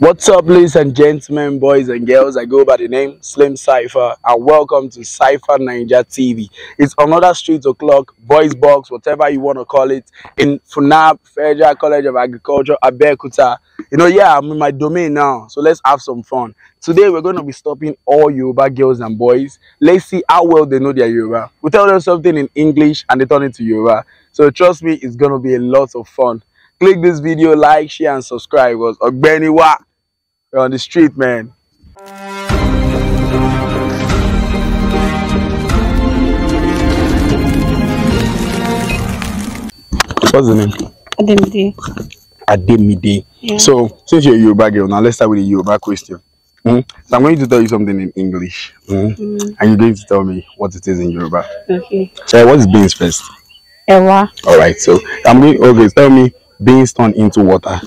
What's up, ladies and gentlemen, boys and girls? I go by the name Slim Cypher, and welcome to Cypher Ninja TV. It's another street o'clock, boys box, whatever you want to call it, in FUNAB, Federal College of Agriculture, Abeokuta. You know, yeah, I'm in my domain now, so let's have some fun. Today, we're going to be stopping all Yoruba girls and boys. Let's see how well they know their Yoruba. We tell them something in English, and they turn it to Yoruba. So trust me, it's going to be a lot of fun. Click this video, like, share, and subscribe. Was ogbeniwa. We're on the street, man. What's the name? Ademide. Ademide. Yeah. So, since you're a Yoruba girl, now let's start with a Yoruba question. Mm? So I'm going to tell you something in English, mm? Mm. and you're going to tell me what it is in Yoruba. Okay. So what is beans first? Ewa. All right. So I'm going. Okay, tell me beans turn into water.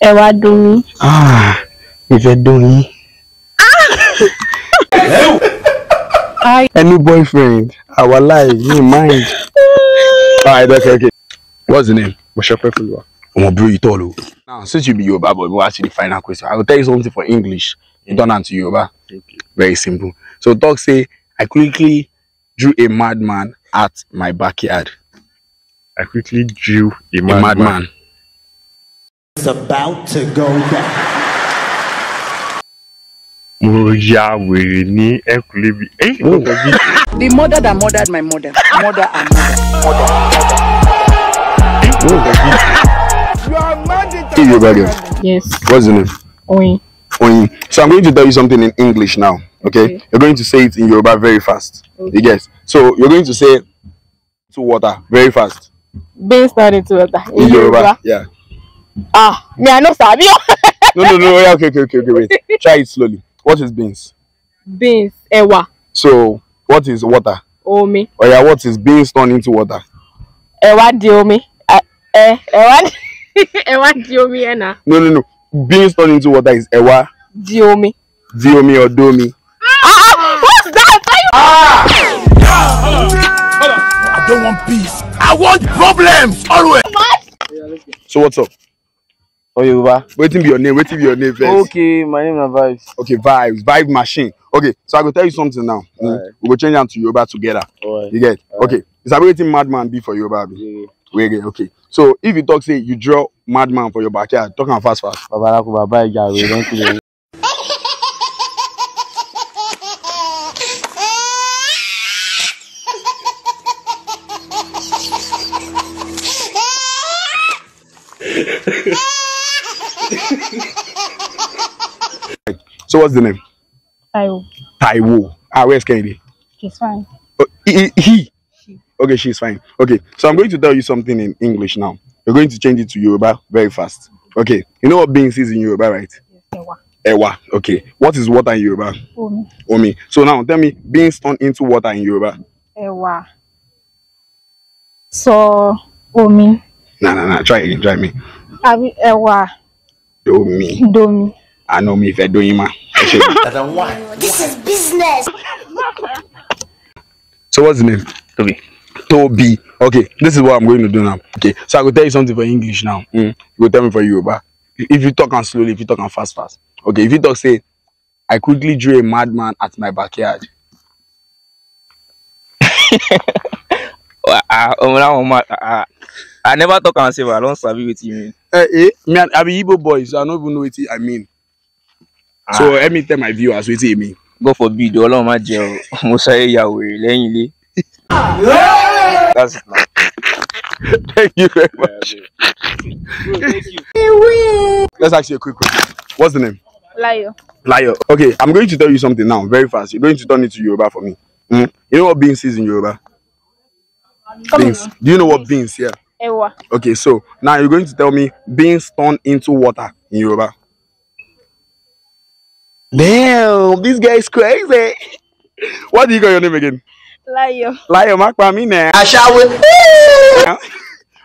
ẹ wá dùn ah, mí. ìfẹ́ dùn yín. any boyfriend our life me mind. alright ah, okay okay what's the name. Mosepe Fuluwa. Omo bro you tall o. Now since you be Yoruba boy we wan ask you the final question I go tell you something for English you turn am to Yoruba. Okay. Very simple. So talk say I quickly drew a madman at my backyard. I quickly drew a madman. A madman. It's about to go down. The mother that murdered my mother. Mother and mother. mother. you are Yes. What's your name? Oyin. Oyin. So I'm going to tell you something in English now. Okay? okay. You're going to say it in Yoruba very fast. Okay. You guess. So you're going to say to water very fast. Based on it to water. In, Yoruba. Yeah. Ah, me I know sabi. no, no, no. Yeah, okay, okay, okay, okay. Wait. Try it slowly. What is beans? Beans, Ewa. So, what is water? Omi. Oh, yeah, what is beans turned into water? Ewa di omi. Eh, ẹ̀wà. Ewa di omi eh No, no, no. Beans turned into water is ewa. Di omi. Di omi or domi. Ah, ah, what's that? are you? Ah! hold on. Hold on. I don't want peace. I want problems always. So what's up? or Yoruba? Waiting be your name, waiting be your name first. Okay, my name na Vibes. Okay, Vibes, Vibe Machine. Okay, so I go tell you something now. Mm. Right. We go change am to Yoruba together. Right. You get? Right. Okay, it's about waiting madman be for Yoruba. Yeah. Wege, okay. So if you talk, say you draw madman for your backyard, talk am fast fast. Babalaku, Baba, Ijawe, don't kill So what's the name? Taiwo. Taiwo. Ah, where's Kennedy? She's fine. Oh, he, he. She. Okay, she's fine. Okay, so I'm going to tell you something in English now. we are going to change it to Yoruba very fast. Okay, you know what beans is in Yoruba, right? Ewa. Ewa. Okay, what is water in Yoruba? Omi. Omi. So now tell me, beans turn into water in Yoruba. Ewa. So, Omi. No, no, no, try again, try me. Abi Ewa. Domi. Domi. Anomi Fedoima. This is business. so what's the name? Toby. Toby. Okay, this is what I'm going to do now. Okay, so I will tell you something for English now. Mm. You go tell me for Yoruba. If you talk and slowly, if you talk and fast, fast. Okay, if you talk, say, I quickly drew a madman at my backyard. I, I, ah, ah, ah, I never talk and say, I don't sabi what you mean. Eh, eh, me, I be Igbo boy, so I don't even know what I mean so ah. let me tell my viewers wetin e mean. God forbid Ọlọ́run má jẹ́ o mo sáré ya wèrè ilé. that's thank you very much. let's ask you a quick question what's the name. Layo. Layo okay I'm going to tell you something now very fast you're going to turn it to Yoruba for me mm? you know what beans is in Yoruba. Beans do you know what beans yeah. Ewa. okay so now you're going to tell me beans turn into water in Yoruba. Damn, this guy is crazy. What do you call your name again? Layo. Layo, má pa mí now. Aṣáwé. All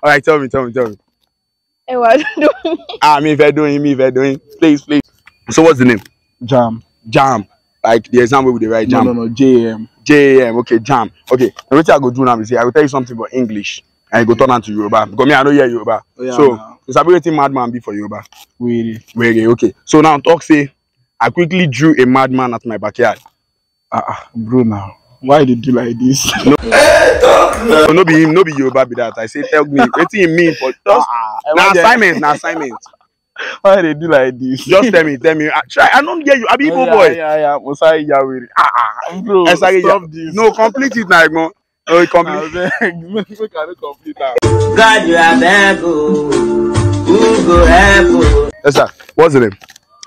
right, tell me, tell me, tell me. what you doing? Ah, me fẹ́ doing, me fẹ́ doing. Please, please. So what's the name? Jam. Jam. Like the exam way we dey write jam. No, no, no, J-A-M. j m okay, jam. Okay, now wetin I go do now be say I will tell you something about English and you go turn am to Yoruba because me I know hear Yoruba. Oh, yeah, so, you sabi madman be for Yoruba? Really. Really. okay. So now talk say I quickly drew a madman at my backyard. Ah, ah bro, now why they do like this? No, no, no be him, no be Yoruba be that. I say, tell me, what do you mean for just ah, ah. na assignment, na assignment. why they do like this? Just tell me, tell me. I, try, I don't get you. I be Igbo yeah, boy. Yeah, yeah, Musai Yawiri. Ah, ah, ah, bro, Esari, stop ya. this. No, complete it, now, man. Oh, complete. Make ah, I complete now. God, you are there, go. Who go Yes, sir. What's the name?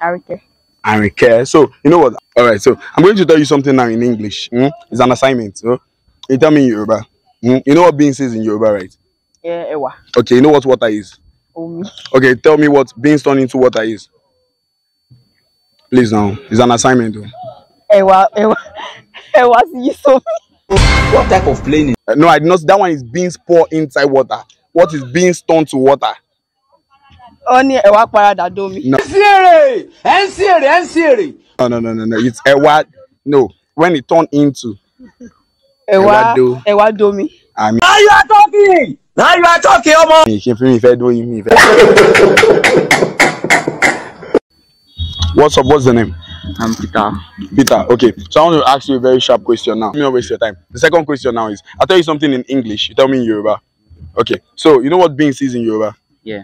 Arike. and care. So, you know what? All right, so I'm going to tell you something now in English. Mm? It's an assignment. So, you tell me in Yoruba. Mm? You know what beans is in Yoruba, right? Yeah, ewa. Okay, you know what water is? Um. Okay, tell me what beans turned into water is. Please now, it's an assignment. Though. Ewa, ewa, ewa, see so. What type of plane? Uh, no, I know that one is beans pour inside water. What is beans turned to water? ọ ní ẹwà paradà domi. ẹ ń sí èrè ẹ ń sí èrè ẹ ń sí èrè. no no no no no it's ẹwà no when it turn into. ẹwà ẹwà domi. àmì. now you are talking now you talking ọmọ. mi ṣe fi mi fẹ́ dóyin mi fẹ́. what's up what's the name. I'm Peter. Peter, okay. So I want to ask you a very sharp question now. Let me not waste your time. The second question now is, I tell you something in English, you tell me in Yoruba. Okay. So you know what beans is in Yoruba? Yeah.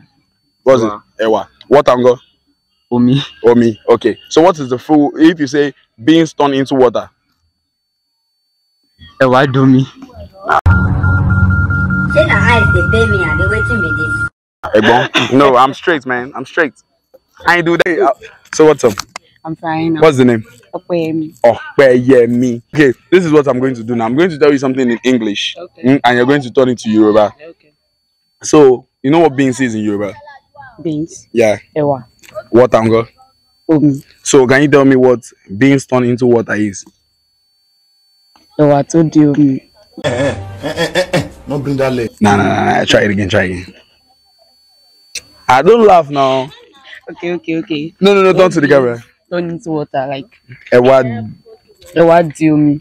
What's Ewa. it? Ewa. What angle? Omi. Omi. Okay. So what is the full if you say beans turn into water? Ewa do me. no, I'm straight, man. I'm straight. I ain't do that. So what's up? I'm fine. Now. What's the name? Opeyemi. me? Okay, this is what I'm going to do now. I'm going to tell you something in English. Okay. Mm, and you're going to turn it to Yoruba. Okay. So, you know what beans is in Yoruba? Beans. Yeah. Ewa. What I'm Omi. So can you tell me what beans turn into water is? Ewa tó di omi. Eh, eh, eh, eh, eh. No bring that leg. Nah, nah, nah, nah. Try it again, try it again. I don't laugh now. Okay, okay, okay. No, no, no, turn to the camera. Turn into water, like. Ewa. Ewa di omi.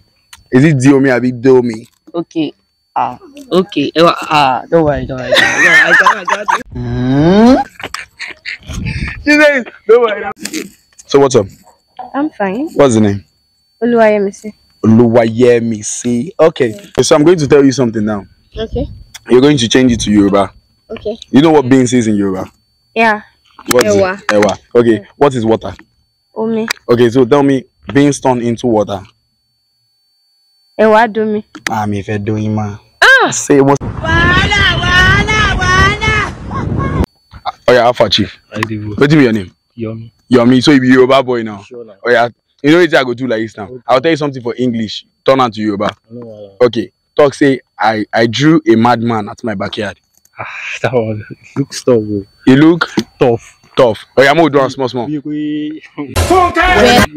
Is it di or abi di omi? Okay. Ah, okay. Ewa, ah, don't worry, don't worry. Don't worry. I got, I got. Hmm? She says, don't worry. So what's up? I'm fine. What's the name? Oluwayemisi. Oluwayemisi. Okay. Yeah. So I'm going to tell you something now. Okay. You're going to change it to Yoruba. Okay. You know what beans is in Yoruba? Yeah. What Ewa. it? Ewa. Okay. Yeah. What is water? Omi. Okay, so tell me, beans turn into water. Ewa do me. Ah, mi fẹ́ do ima. Ah! Say what? Wàhálà! Oh yeah, Alpha Chief. What is your name? Yomi. Yomi. So you be Yoruba boy now. Sure now. Oh, yeah. you know what I go do like this now. Okay. I'll tell you something for English. Turn on to Yoruba. No, uh, okay. Talk say I I drew a madman at my backyard. Ah, that one looks tough. Bro. It look tough. Tough. Oh yeah, I'm gonna do small small. you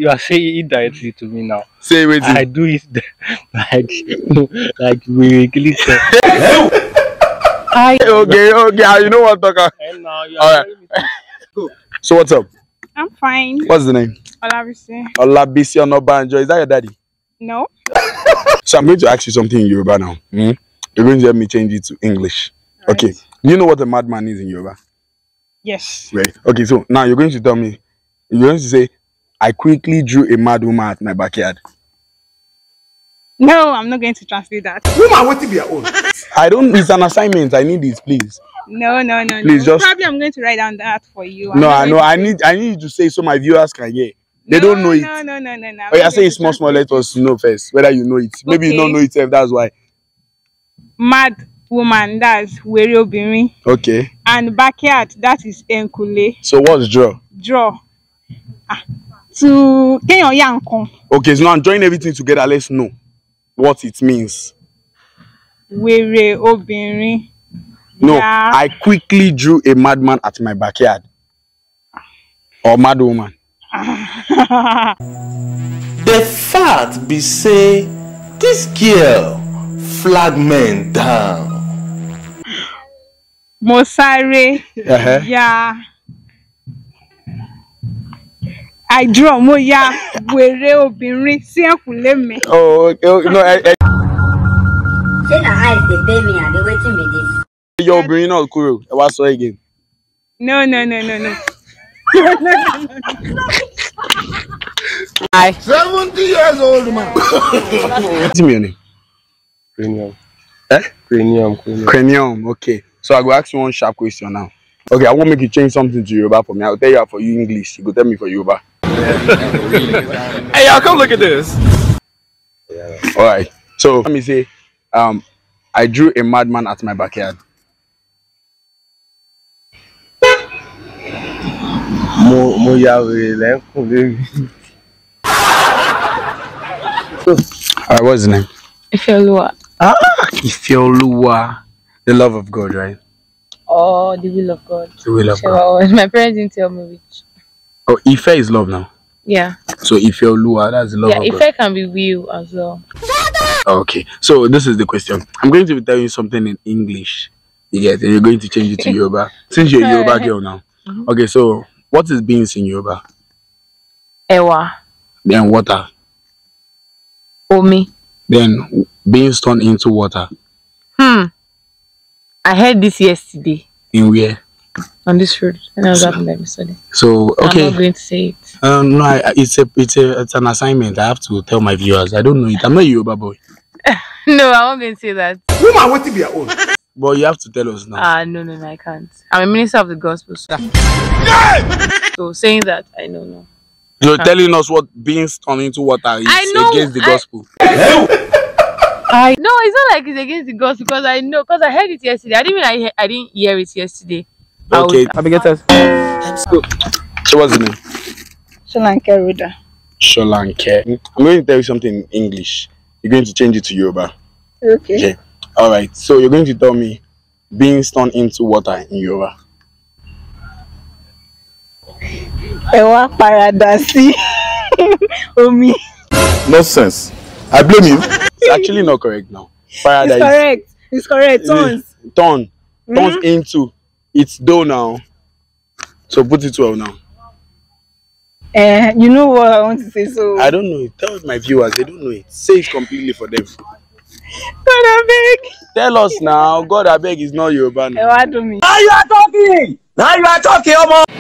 are saying it directly to me now. Say wait. I do it like like we glitter. I okay, okay. Ah, you know what, Tucker? All right. Cool. So what's up? I'm fine. What's the name? Olabisi. Olabisi Banjo. Is that your daddy? No. so I'm going to ask you something in Yoruba now. Mm? You're going to help me change it to English. Right. Okay. You know what a madman is in Yoruba? Yes. Right. Okay. So now you're going to tell me. You're going to say, "I quickly drew a mad woman at my backyard." No, I'm not going to translate that. Woman, what be your own? I don't. It's an assignment. I need this, please. No, no, no, please no. Just... Probably I'm going to write down that for you. no, I know. I need. I need you to say so my viewers can hear. They no, don't know it. No, no, no, no, no. Oh, yeah, say it's small, small. Let us know first whether you know it. Okay. Maybe you don't know it. If that's why. Mad woman, that's where you'll be me. Okay. And backyard, that is Enkule. So what's draw? Draw. Ah, to Kenya Yankon. Okay, so now I'm joining everything together. Let's know. what it means. Wèrè obìnrin. No, yeah. I quickly drew a madman at my backyard. Or mad woman. the fact be say this girl flag men down. Mo sáré. Uh -huh. Yeah. I draw mo ya wèrè obìnrin sí ẹ̀kúnlé mi. Oh, oh, ṣé na eyes dey pay me àbí wetin be this. ẹ yọ obìnrin náà kúrò I wá sọ again. no no no no no. No, no, Hi. Seventy years old man. What's your name? Cranium. Eh? Cranium. Cranium. Cranium. Okay. So I go ask you one sharp question now. Okay, I won't make you change something to Yoruba for me. I'll tell you for you English. You go tell me for Yoruba. hey, y'all, come look at this. All right. So let me see. um, I drew a madman at my backyard. All right, what's his name? Ifeoluwa. Ah, Ifeoluwa. The love of God, right? Oh, the will of God. The will of God. Oh, my parents didn't tell me which. Oh, Ife is love now. Yeah. So Ife Olua, that's love. Yeah, Ife can be real as well. Oh, okay. So this is the question. I'm going to be telling you something in English. You get You're going to change it to Yoruba since you're a Yoruba girl now. Mm-hmm. Okay. So what is beans in Yoruba? Ewa. Then water. Omi. Then beans turn into water. Hmm. I heard this yesterday. In where? on this road and I was so, having them yesterday. So okay. I'm not going to say it. Um no, I, it's a it's a it's an assignment. I have to tell my viewers. I don't know it. I'm not a Yoruba boy. no, I'm not going to say that. Woman, what to be your own? But you have to tell us now. Ah uh, no no no, I can't. I'm a minister of the gospel. So, so saying that, I know no. You're ah. telling us what beans turn into water is I know, against the I... gospel. I no, it's not like it's against the gospel because I know because I heard it yesterday. I didn't mean I, I didn't hear it yesterday. Okay. Abigatas. So, so what's the name? Sholanke Ruda. Sholanke. I'm going to tell you something in English. You're going to change it to Yoruba. Okay. Okay. All right. So you're going to tell me beans turned into water in Yoruba. Ewa paradasi. Omi. sense. I blame you. It's actually not correct now. Paradise. It's correct. It's correct. Tons. Ton. Tons mm -hmm. into. It's dough now. So put it well now. Uh, you know what I want to say, so... I don't know it. Tell my viewers, they don't know it. Say it completely for them. God I beg. Tell us now, God I beg, is not Yoruba now. Ẹ wá dùn Now you are talking! Now you are talking, ọmọ.